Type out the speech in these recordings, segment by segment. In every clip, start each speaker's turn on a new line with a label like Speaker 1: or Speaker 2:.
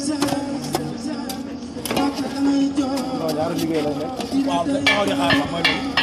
Speaker 1: a
Speaker 2: waaw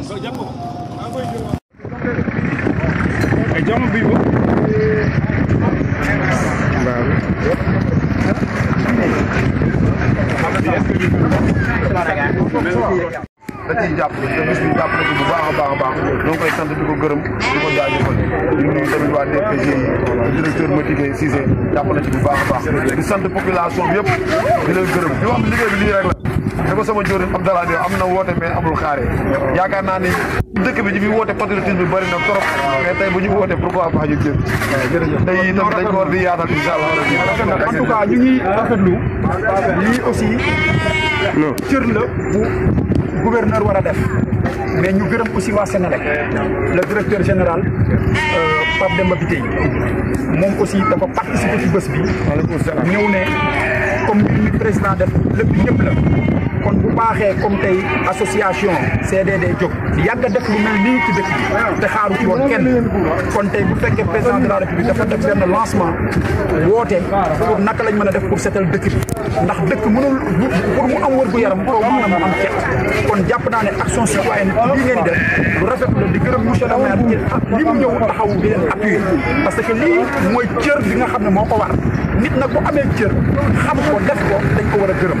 Speaker 2: da ciy jàpp te bis bi jàpp na ko bu baax a baax a baax ñoo ngi koy sant di ko gërëm di ko jaajëfal di nuyu tamit waa DPG yi directeur Madické Cissé jàpp na ci bu baax baax di sant population bi yëpp
Speaker 1: di leen gërëm di wax liggéey bi lii rek la
Speaker 2: ne sama jori Abdoulaye am amna wote mais amul xare yakar na ni dëkk bi ñu fi woote patriotisme bari na torop mais tay bu ñu woote pourquoi pas ñu jëm tey itam dañ ko war di yaatal
Speaker 3: incha allah en tout cas ñu ngi rafetlu lii aussi cër la bu gouverneur wara def mais ñu gërëm aussi wa sénégal le directeur général euh, pap Demba bité mom aussi dafa participer ci bëss bi ñëw né comme ni président def lépp ñëpp la kon bu baaxee comme tey association CDD jóg yàgg a def lu mel nii ci dëkk bi te xaaru ci woon kenn kon tey bu fekkee président de la république dafa def benn lancement woote pour naka lañ mën a def pour seetal dëkk bi ndax dëkk mënul pour mu am wër gu yaram kaw maanaam mu am cet kon jàpp naa ne action citoyenne lii ngeen def lu rafet la di gërëm monsieur le maire li mu ñëw taxaw di leen appuyer parce que lii mooy cër bi nga xam ne moo ko war nit nag bu amee cër xam ko def dañ ko war a gërëm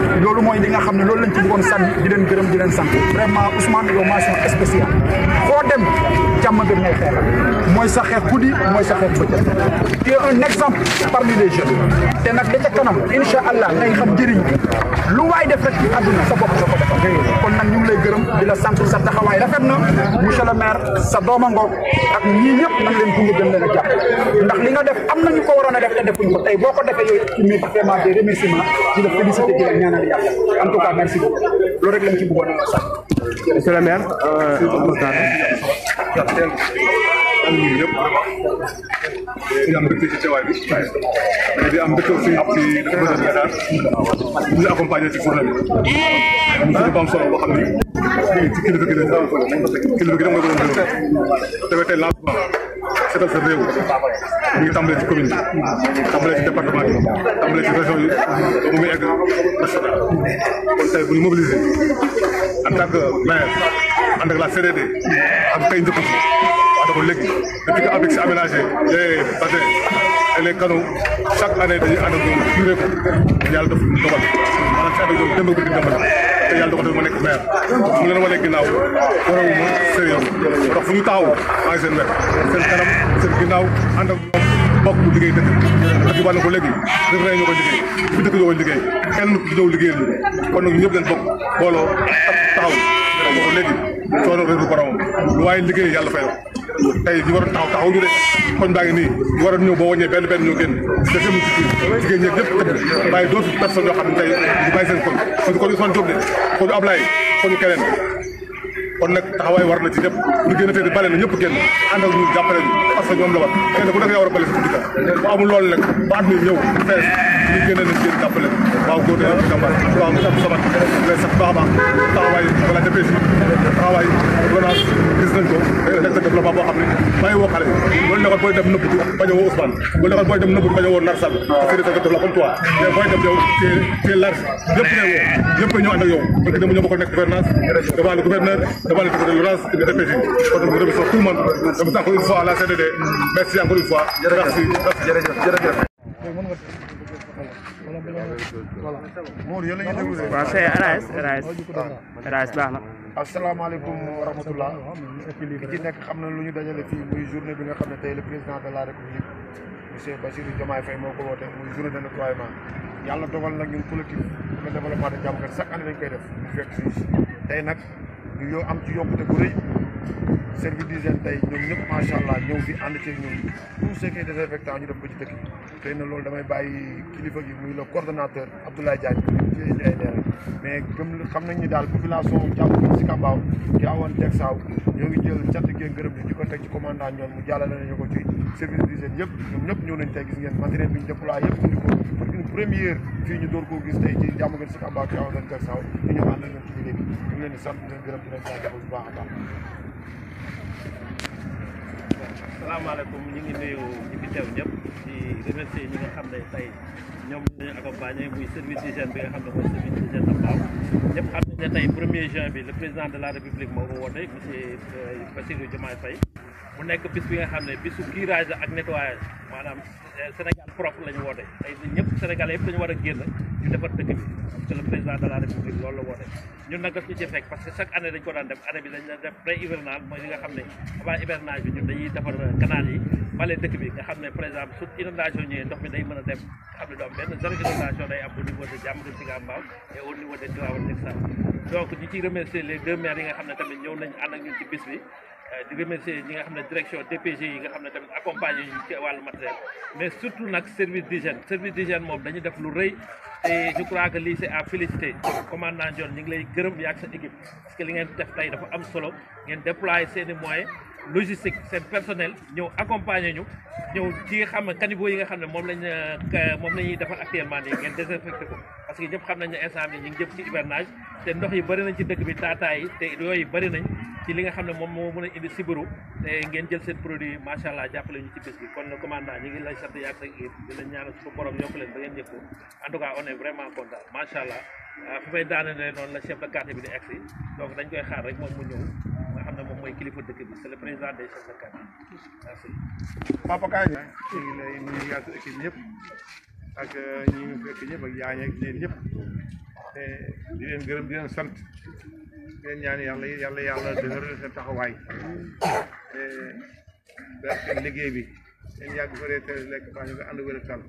Speaker 3: loolu moy li nga xamne ne lañ ci bëggon sànni di leen gërëm di leen sant vraiment Ousmane yow mention spécial ko dem jàmm gën ngay xéer moy sa xeex kudi moy sa xeex bëccëg tu es un exemple parmi les jeunes té nak da ca kanam incha allah ngay xam jëriñ lu way def rek ci aduna sa bop sa ko defal kon nak ñu ngi lay gërëm di la sant sa taxaway rafet na monsieur le maire sa dooma ngoog ak ñi ñëpp nak leen ko gën leen a ndax li nga def amna ñu ko waroon a def té defuñ ko tay boko défé yoy ci mi vraiment des remerciements di la félicité di la ñaanal en tout cas merci beaucoup loolu rek lañ ci bëggoon a sant.
Speaker 4: monsieur le maire
Speaker 1: euh, Moussa. di am mbégte ci teewaay bi mais di am mbégte aussi ci le projet de ñu accompagner ci journée bi. mu suñu bam solo boo xam ni ci kilifa gi lañ ko kilifa gi lañ ko doon setal sa réew a ngi tàmbalee ci commune bi tàmbalee ci département région yi ba egg national kon tey bu ñu en tant que maire ànd la CDD ak kay njëkk ci wax dëgg léegi depuis que APEX aménagé les bassins et les canaux chaque année dañuy ànd ak ñoom ko yàlla def lu mu dogal maanaam te yàlla dogal na ma nekk maire mu leen wane ginnaaw waral ma sérieux ndax fu ñu taxaw maa ngi seen wet seen kanam seen ginnaaw ànd ak moom bokk bu liggéey dëkk ko léegi dëkk rek ñoo koy liggéey bu dëkk ñoo koy liggéey kenn du ñëw liggéeyal ñu kon nag ñëpp leen bokk booloo ak taxaw léegi coono réeru boromam lu waaye liggéey yàlla fay tey ñu waroon taxaw taxaw ñu de koñ baa ngi nii ñu waroon ñëw boo wàññee benn benn ñoo génn te fi mu ci jigéen ñëpp ñëpp waaye d'autres personnes yoo xam ne tey ñu bàyyi seen koñ parce que koñu Ousmane Diop de koñu Ablaye koñu keneen kon nag taxawaay war na ci ñëpp ñu génn tey di bale na ñëpp génn ànd ak ñoom la war kenn ku nekk yaa war a bale sa tuddika bu amul loolu nag ba at mi ñëw fees ñu génne nañ génn jàppale waaw góor na jàmbaar waaw ñu am sabat lay sax baax a baax si taxawaay gouvernance gis nañ ko nekk développement boo xam ne bàyyi woo xale loolu nekkoon booy dem nëbbutu bañ a woo Ousmane loolu nekkoon booy a woo Nar Sall la comme toi mais ñoo ma nekk gouvernance devant le gouverneur devant les tribunaux de répéter. Donc nous remercions tout le monde. Nous encore une fois à la CDD. Merci encore une fois. Merci. Merci.
Speaker 2: waaw c'est RAS RAS RAS baax na. asalaamaaleykum wa rahmatulah. ki ci nekk xam na lu ñu dajale fii muy journée bi nga xam ne tey le président de la république monsieur Bassirou Diomaye Faye moo ko woote muy journée de déploiement. yàlla dogal nag ñun collectif de développement de Diamaguène chaque année dañ koy def bu fekk si tey nag. ñu yoo am ci yokkute bu rëy service d'hygiène tey ñoom ñëpp macha allah ñëw fi ànd ceeg ñoom tout ce qui est désinfectant ñu def ko ci dëkk bi na loolu damay bàyyi kilifa gi muy le coordonnateur Abdoulaye Diagne ci indi ay leeral mais comme xam nañ ni daal population jàpp si Kambaaw jaawoon teg saaw ñoo ngi jël cat gee ngërëm li di ko teg ci commandant ñoom mu jàllale nañu ko ci service d'hygiène yëpp ñoom ñëpp ñëw nañ tey gis ngeen matériel bi ñu déployé yëpp indi ko première fii ñu door koo gis tey ci jàmm gën si Kamba ak Thiawane Kër Sao ñu ñëw ànd ak di sant di leen gërëm di leen jaajëfal a baax.
Speaker 4: salaamaaleykum ñu ngi nuyu ñi fi teew ñëpp di remercier ñi nga xam ñoom lañu bi nga xam ne mooy service juin bi le président de la république moo ko woote monsieur euh, Bassirou Diomaye Faye mu nekk bis bi nga xam ne bisu curage la ak nettoyage maanaam euh, propre la ñu woote tey ñëpp sénégalais yëpp dañu war a génn ñu defar dëkk bi parce que chaque année dañ ko def année bi dañ def pré hivernage mooy li nga xam ne avant defar canal yi bale dëkk bi nga xam ne par exemple su inondation ñëwee ndox mi day mën a dem nga xam ne du am benn zéro inondation day am au niveau de Diamaguène Sicap Mbao de Tivaouane donc ñu ciy remercier les deux maires yi nga xam ne tamit ñëw nañ ànd ak ñun ci bi Euh, di remercier ñi nga xam ne direction DPG yi nga xam ne tamit accompagné ñu ci wàllu matériel mais surtout nag service d'hygiène service d'hygiène moom dañu def lu rëy te je crois que lii c'est à féliciter commandant John ñu ngi lay gërëm yaag sa équipe parce que li ngeen def tey dafa am solo ngeen déployer seeni i logistique sen personnel ñeu accompagner ñu ñeu ci nga xamne ne caniveau yi nga xamne mom lañ mom lañuy defal actuellement ni ngeen désinfecter ko parce que ñep xam nañ ne instant bi ñu ngi jëm ci hivernage te ndox yi bari nañ ci dëkk bi tata yi te yi bari nañ ci li nga xamne mom mo mëna indi sibiru té ngeen jël seen produit macha allah ñu ci bëss bi kon commandant ñi ngi lay sant yaak sa équipe di la ñaanal suñu borom ñok leen ba ngeen yëg ko en tout cas on est vraiment content macha allah fu may daanale noonu la chef de quartier bi di exi donc dañ koy xaar rek mom mu ñëw kilifa dëkk bi c'est
Speaker 2: papa Kaay ñu
Speaker 5: ngi lay nuyu yaa sa équipe yëpp ak euh, ñi ñu fekk ñëpp ak yaa leen yëpp eh, di leen gërëm di sant di leen ñaan yàlla yàlla yàlla dëgëral seen taxawaay te eh, barke liggéey bi. ngeen yàgg fa rek lekk baax nga ànd wér tal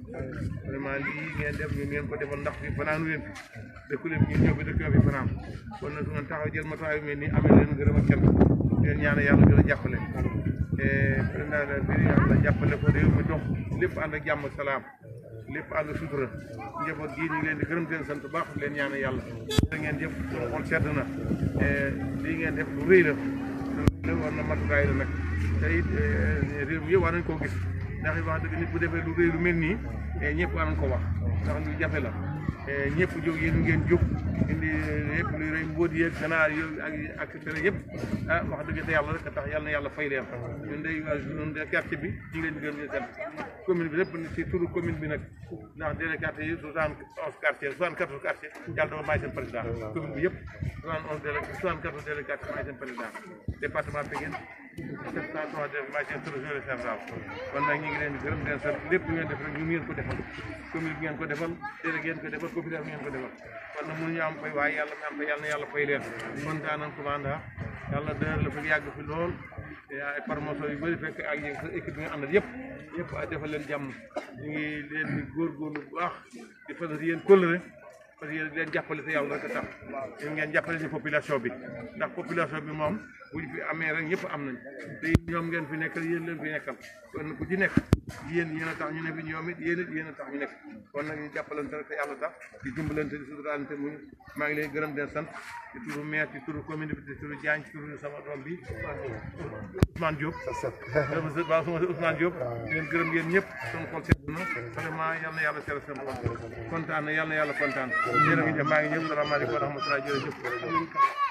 Speaker 5: vraiment lii ngeen def ñu ngeen ko defal ndax fi fanaanu leen dëkku leen ñu ñëw fi dëkk yoo fanaan kon nag su taxaw jël matuwaay bi mel nii amee leen gërëm ak cant di leen ñaan yàlla gën a jàppale te président de bi yàlla jàppale ko réew mi dox lépp ànd ak jàmm salaam lépp ànd ak sutura njaboot gii ñu leen di gërëm sant baax leen ñaan yàlla da ngeen jëf suñu xol na lii ngeen def lu rëy la lu war na matukaay la nag te it eh, réew yëpp war nañ koo gis ndax wax dëgg nit bu defee lu rëy lu mel nii eh, ñëpp war nañ ko wax ndax lu jafe la Eh, ñëpp jóg yéen ngeen jóg indi yëpp luy rey mbóot yeeg ganaar yo ak ak cetera yëpp ah wax dëgg te yàlla rek tax yàlla na yàlla fay leen ñun day ñun de quartier bi ñu ngi leen di gërëm di sant commune bi lépp ci turu commune bi nag ndax délégué ngeen ko defal commune bi ngeen ko defal délégué ngeen ko defal ku fi def ngeen ko defal kon nag mënuñu am fay waaye yàlla mi am fay yàlla na yàlla fay leen kontaan nañ commanda yàlla bi nga àndal yëpp yëpp a defal leen jàmm ñu ngi bu baax di fas yéen kóllëre parce que yéen leen jàppale te yàlla rek a tax yéen ngeen si population bi ndax bi moom buñ fi amee rek ñëpp am nañ te ñoom ngeen fi nekkal yéen leen fi nekkal kon ku ci nekk yéen yéen a tax ñu ne ñoom it yéen a tax ñu nekk kon nag ñu jàppalante rek te yàlla tax di dimbalante di suturaalante maa ngi lay gërëm den sant ci turu maire ci turu commune bi ci turu Diagne ci turu sama doom bi Ousmane Diop baa suma Ousmane Diop ah. leen gërëm yéen ñëpp sama xol sedd na vraiment yal na yàlla seera sama xol kontaan na yàl yàlla kontaan maa ngi ñëw salaamaaleykum wa rahmatulah jërëjëf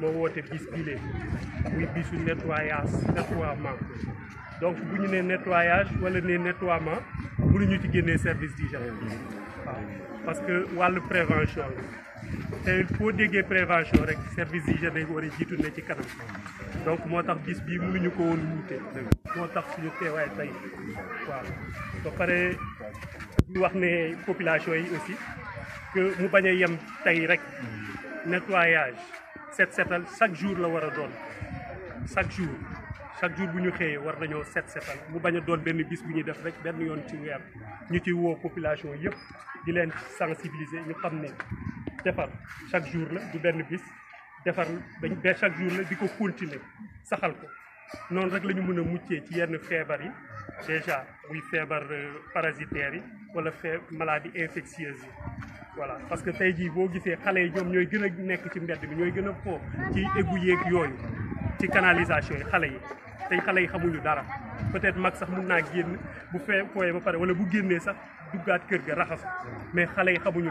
Speaker 6: moo woote bis bile muy bisu nettoyage nettoiement donc bu ñu nee nettoyage wala nee nettoiement ñu ci génnee service d'hygiène parce que walu prévention et te foo déggee prévention rek service d'hygiène dañ war a jiitu ci kanam donc motax tax bi bii mënuñu ko won wuute motax suñu té way tay ba pare ñu wax né population yi aussi que mu bañé yam tay rek nettoyage 7 chaque jour la wara doon chaque jour chaque jour buñu nous war nañoo set setal mu bis def rek ci population di sensibiliser ñu xamné chaque jour la du bis chaque jour la diko continuer saxal ko Non rek déjà muy feebar euh, parasitaire yi wala maladie infectieuse voilà parce que tey jii boo gisee xale yi ñoom ci mbedd bi ci ci canalisation yi xale yi tey xale xamuñu dara peut-être mag sax mun naa bu fee fooyee ba pare wala bu génnee sax kër mais yi xamuñu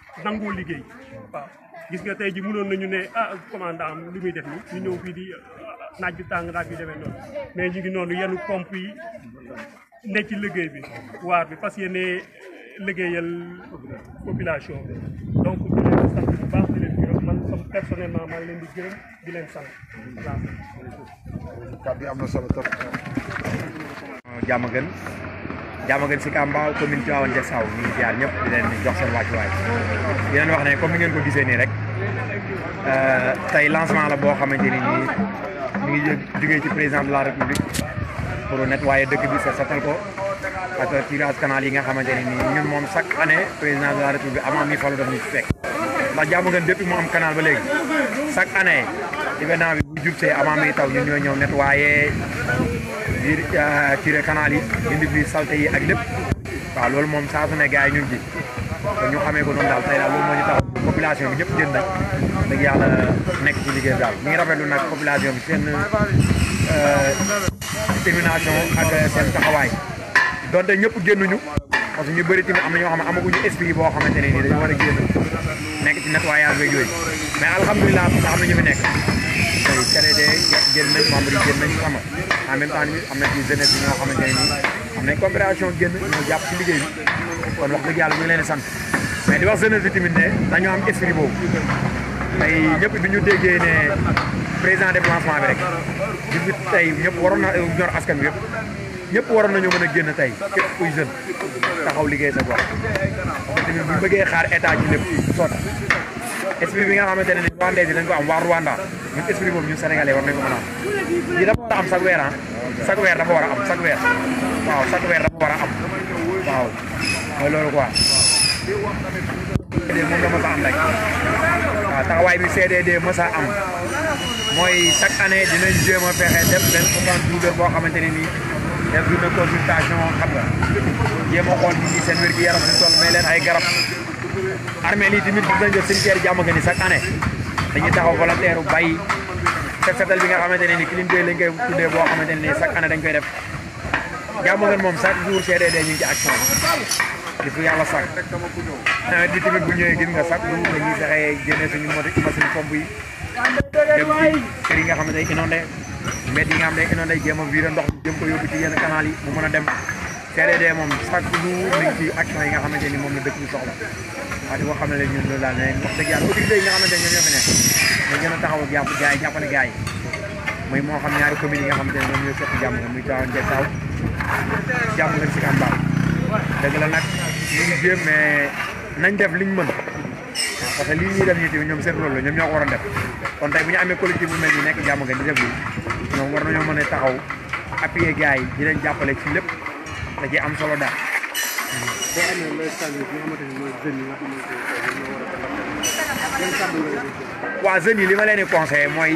Speaker 6: nangoo liggéey waaw gis nga tey ji mënoon nañu ne ah commandant am li muy def ni ñu ñëw fii di ah, naaj bi tàng naaj bi demee noonu mais ñu ngi noonu yenu pompe yi ne ci liggéey bi waar bi parce que yéene liggéeyal population donc di leen sant bu leen gërëm man di gërëm di leen sant voilà am
Speaker 2: na solo trop
Speaker 7: gën jamu si Kambaaw commune Tivaouane Diassao ñu ngi jaar ñëpp di leen jox seen wàccuwaay di leen wax ne comme ngeen ko gisee nii rek eh, tey lancement la boo xamante ni nii mi ci président de la république pour nettoyer dëkk bi sa satal ko ak tirage canal yi nga xamante ne ñun moom chaque année président de la république avant mi falu daf ñu fekk depuis mu am canal ba chaque année événement bi bu avant mi taw ñun di euh, tiré canal yi indi fi salte yi ak lépp waaw loolu moom saa su ne gars ji ñu ngi ci ñu xamee ko noonu daal tey daal loolu moo ñu tax population bi ñëpp jënd nañ yàlla nekk ci liggéey daal ñu ngi rafetlu nag population bi seen euh, détermination ak seen taxawaay donte ñëpp génnuñu parce ñu bëri tamit na ñoo xam ne amaguñu boo xamante ne nii dañu war a génn nekk ci nettoyage beeg yooyu mais alhamdulilah sax am na ñu fi nekk tey cere de gerte génn nañ membre génn nañ xam en même temps ni am na ci jeunesse bi ñoo xamante ne nii am nañ coopération génn ñu jàpp ci liggéey bi kon wax dëgg yàlla ñu ngi leen di sant mais di wax jeunesse bi tamit ne dañoo am esprit boobu tey ñëpp bi ñu déggee ne président déplacement bi rek tey ñëpp waroon na ñor askan bi yëpp ñëpp waroon nañoo mën a génn tey képp kuy taxaw liggéey sa gox parce que bëggee xaar état ci lépp sotti esprit bi nga xamante ne ni Rwandais yi dañ ko am waa Rwanda ñun esprit boobu ñun sénégalais war nañ ko mën a am lii dafa war am chaque weer ah weer dafa war a am chaque weer waaw chaque weer dafa war a am waaw mooy loolu quoi CDD moom la mës a am rek waaw taxawaay bi CDD mës a am mooy chaque année dinañ jéem a fexe def benn soixante douze heures boo xamante xam nga jéem a xool nit ñi seen wér-gu-yaram si tool may ay garab armée yi tamit bëgg cimetière jàmm gën chaque année dañuy taxaw volontaire bàyyi set setal bi nga xamante ni clean day lañ koy tuddee boo xamante ne ni dañ koy def jàmm gën moom chaque jour CDD ñu ci action gis nga yàlla sàkk nawet bi tamit bu ñëwee gis nga sàkk dañuy fexee génne suñu machine pompe yi
Speaker 3: dem ci
Speaker 7: kër yi nga xamante yi nga ndox jëm ko ci canal yi mu dem CDD moom chaque jour dañ ci action yi nga xamante ni moom la dëkk bi soxla waaye di ko xam ne la ñun loolu daal ne wax dëgg yàlla autorité yi nga xamante ne ñoo taxaw jàpp gars jàppale gars mooy moo xam ñaari communes yi nga xamante ne moom ñoo soxla jàmm muy taw njëkk taw jàmm lañ si am baax dëgg la nag ñu ngi jéem mais nañ def liñ mën parce que lii ñuy def ñu tamit ñoom seen rôle la ñoom ñoo ko waroon def kon tey bu ñu amee collectif bu mel ni nekk jàmm gën di def lii ñoom war nañoo mën a taxaw appuyer gars yi di leen jàppale ci lépp da am solo daal. waaw jeunes yi li ma leen di conseillé mooy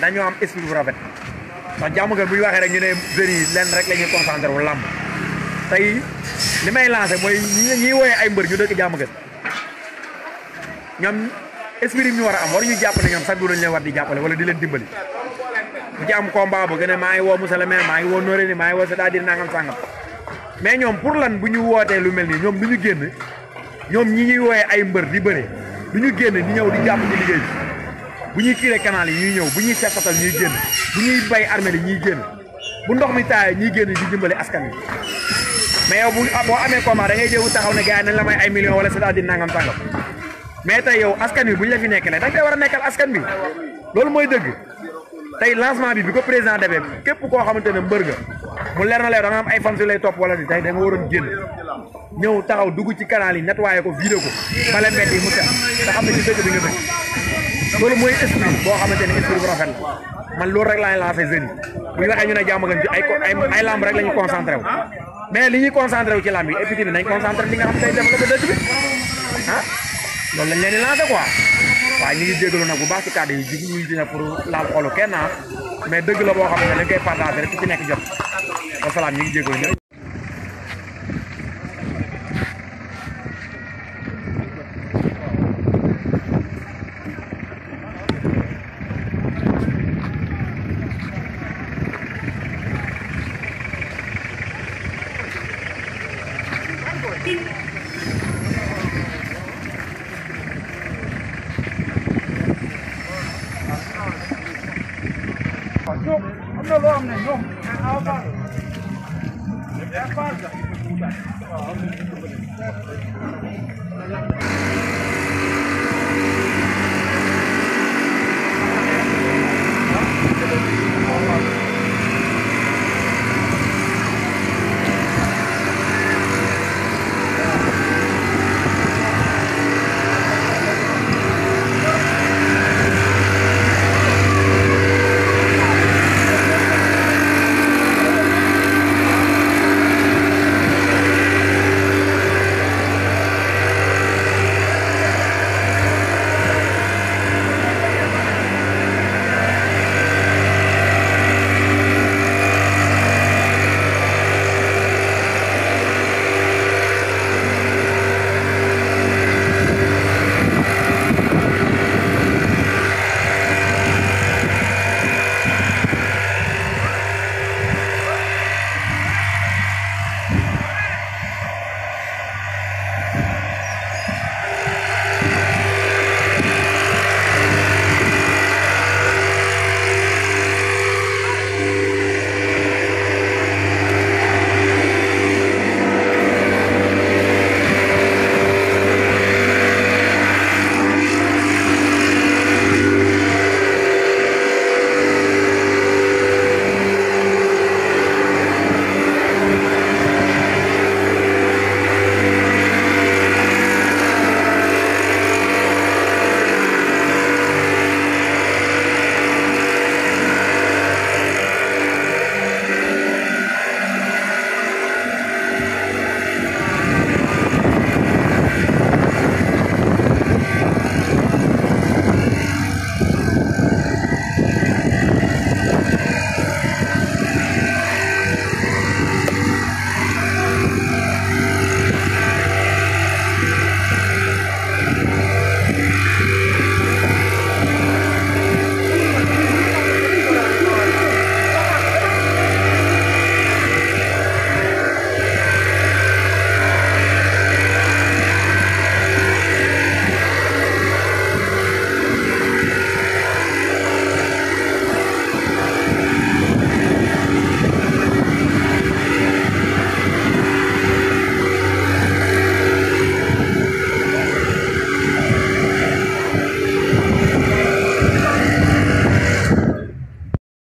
Speaker 7: dañoo am esprit bu rafet ndax jàmm ga bu ñu rek ñu ne jeunes yi leen rek la ñuy concentré wu làmb tey li may lancé mooy ñi ñuy woowee ay mbër ñu dëkk jàmm ga ñoom esprit bi ñu war am waruñu jàpp ne ñoom sax du lañ leen war di jàppale wala di leen dimbali. ku ci am combat bu a maa ngi woo monsieur le maire maa ngi woo Noreyni maa ngi woo c'est-à-dire nangam sangam mais ñoom pour lan bu ñu wootee lu mel nii ñoom lu ñu génn ñoom ñi ñuy wooyee ay mbër di bëre lu ñu génn ñu ñëw di jàpp ci liggéey bi bu ñuy curé canal yi ñuy ñëw bu ñuy seqatal ñuy génn bu ñuy bay armée li ñuy génn bu ndox mi taayee ñuy génn di dimbale askan wi mais yow bu boo amee combat da ngay jéegu taxaw ne gars yi la may ay millions wala cest à nangam sangam mais tey yow askan wi bu ñu la fi nekkalee dañ koy war a nekkal askan bi loolu mooy dëgg tey lancement bi bi ko président defee képp koo xamante ne mbër nga mu leer na leer da am ay fan si lay topp wala di tey da nga waroon génn ñëw taxaw dugg ci canal yi nettoyé ko vidé ko bale mbedd yi mu set te xam ne ci dëkk bi nga dëkk loolu mooy esprit boo xamante ne esprit bu rafet la man loolu rek laay lancé jeunes yi bu ñu waxee ñu ne jàmm gan ci ay ay lamb rek la ñu mais li ñuy concentré wu ci lamb yi et puis nañ concentré li xam tey dëkk bi ah loolu lañ leen di lancé quoi waaye ñu ngi jégalu nag bu baax ci kàddu yi ji ñu dina pour laal xolu kenn ah. mais dëgg la boo xam ne dañ koy partagé rek ku ci nekk jot wasalaam ñu ngi jégalu